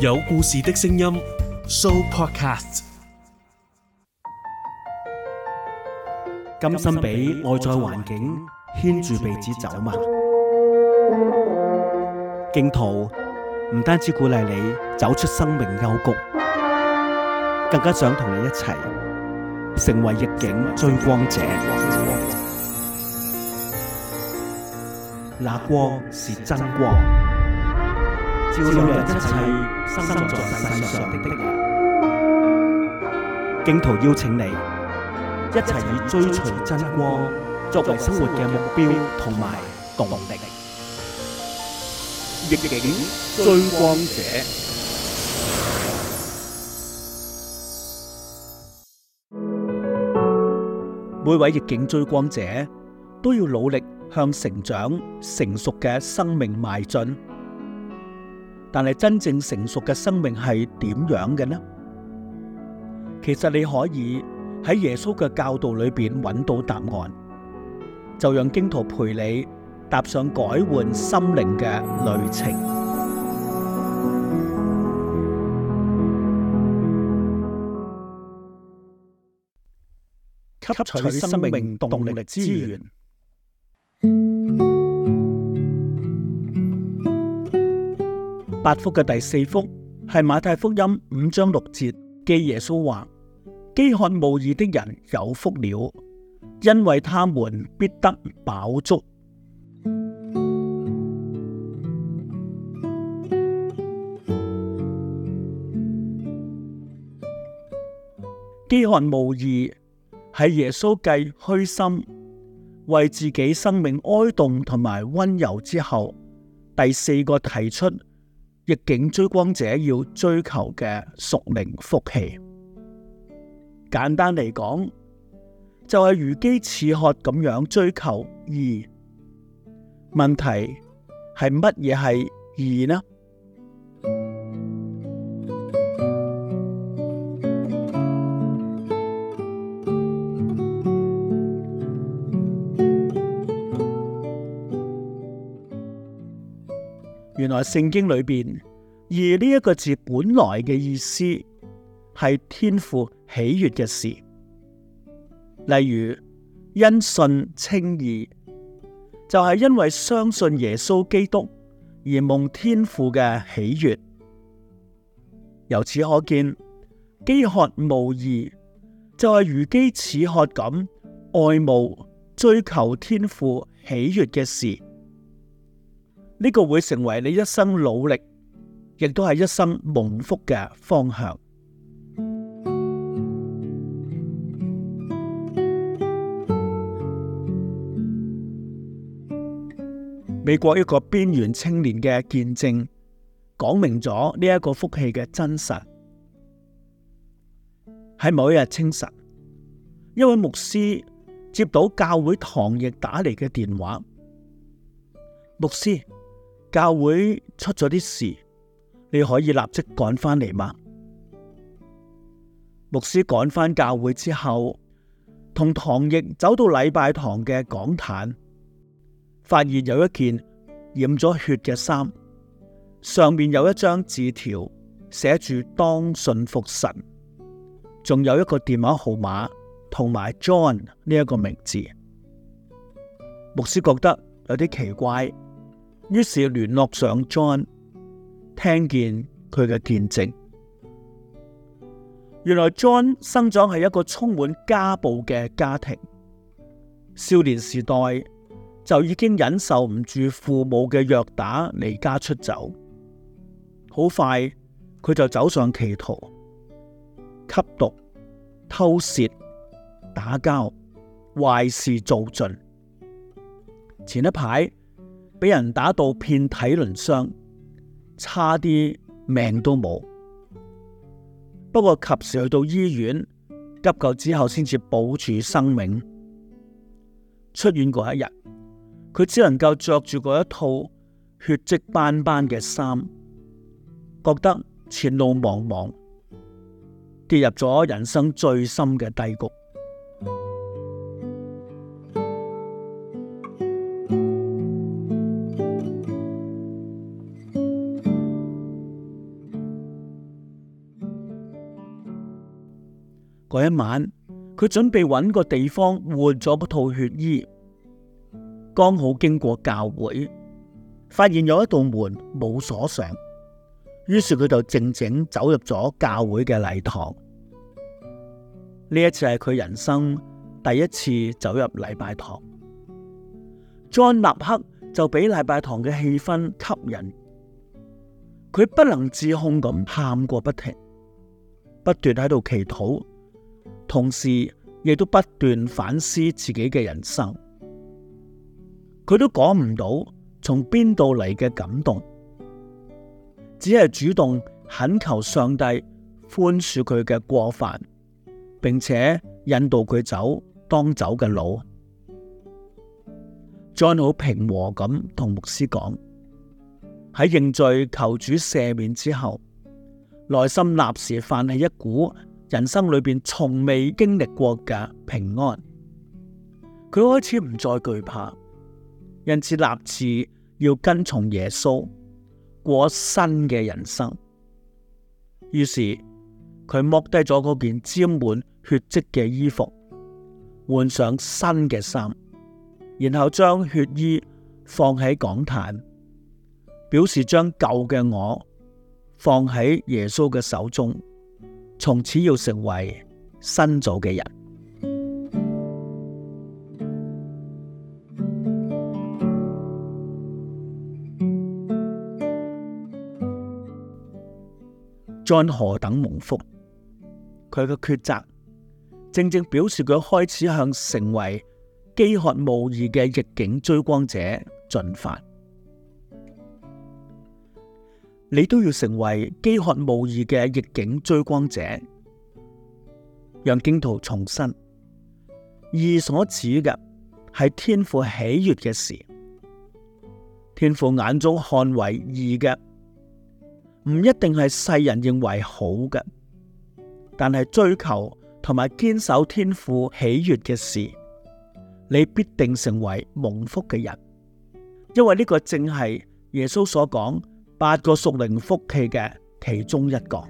有故事的聲音，Sooo Podcast。甘心俾外在環境牽住鼻子走嘛？荊徒唔單止鼓勵你走出生命幽谷，更加想同你一齊成為逆境追光者。那光是真光。照亮一切，生在世上的人，荊徒邀請你一齊以追隨真光作為生活嘅目標同埋動力。逆境追光者，每位逆境追光者都要努力向成長成熟嘅生命邁進。但係真正成熟嘅生命係點樣嘅呢？其實你可以喺耶穌嘅教導裏邊揾到答案，就讓荊徒陪你踏上改換心靈嘅旅程，汲取生命動力之源。八福嘅第四福係馬太福音五章六節記耶穌話：饑渴慕義的人有福了，因為他們必得飽足。饑渴慕義係耶穌繼虛心為自己生命哀慟同埋温柔之後，第四個提出，逆境追光者要追求嘅屬靈福氣，簡單嚟講就係、是、如機似鶴咁樣追求義。問題係乜嘢係義呢？原來聖經裏邊義呢一個字本來嘅意思係天父喜悅嘅事，例如因信稱義，就係、是、因為相信耶穌基督而蒙天父嘅喜悅。由此可見，飢渴慕義就係、是、如飢似渴咁愛慕追求天父喜悅嘅事。呢個會成為你一生努力，亦都係一生蒙福嘅方向。美國一個邊緣青年嘅見證，講明咗呢一個福氣嘅真實，喺某一日清晨，一位牧師接到教會堂亦打嚟嘅電話，牧師。教會出咗啲事，你可以立即趕返嚟嗎？牧師趕返教會之後，同唐奕走到禮拜堂嘅講壇，發現有一件染咗血嘅衫，上面有一張字條，寫住當信服神，仲有一個電話號碼同埋 John 呢一個名字。牧師覺得有啲奇怪。於是聯絡上 John，聽見佢嘅見證。原來 John 生長係一個充滿家暴嘅家庭，少年時代就已經忍受唔住父母嘅虐打，離家出走。好快佢就走上歧途，吸毒、偷竊、打交，壞事做盡。前一排。俾人打到遍體鱗傷，差啲命都冇。不過及時去到醫院急救之後，先至保住生命。出院嗰一日，佢只能夠着住嗰一套血跡斑斑嘅衫，覺得前路茫茫，跌入咗人生最深嘅低谷。嗰一晚，佢準備搵個地方換咗嗰套血衣，剛好經過教會，發現有一道門冇鎖上，於是佢就靜靜走入咗教會嘅禮堂。呢一次係佢人生第一次走入禮拜堂，再立刻就俾禮拜堂嘅氣氛吸引，佢不能自控咁喊過不停，不斷喺度祈禱。同時亦都不斷反思自己嘅人生，佢都講唔到從邊度嚟嘅感動，只係主動懇求上帝寬恕佢嘅過犯，並且引導佢走當走嘅路。John 好平和咁同牧師講，喺認罪求主赦免之後，內心立時泛起一股，人生裏邊從未經歷過嘅平安，佢開始唔再懼怕，因此立志要跟從耶穌過新嘅人生。於是佢剝低咗嗰件沾滿血跡嘅衣服，換上新嘅衫，然後將血衣放喺講壇，表示將舊嘅我放喺耶穌嘅手中。從此要成為新造嘅人，將何等蒙福，佢嘅抉擇正正表示佢開始向成為饑渴慕義嘅逆境追光者進發。你都要成為饑渴慕義嘅逆境追光者，讓荊徒重生。義所指嘅係天父喜悅嘅事，天父眼中看為義嘅，唔一定係世人認為好嘅，但係追求同埋堅守天父喜悅嘅事，你必定成為蒙福嘅人，因為呢個正係耶穌所講八個屬靈福氣嘅其中一個。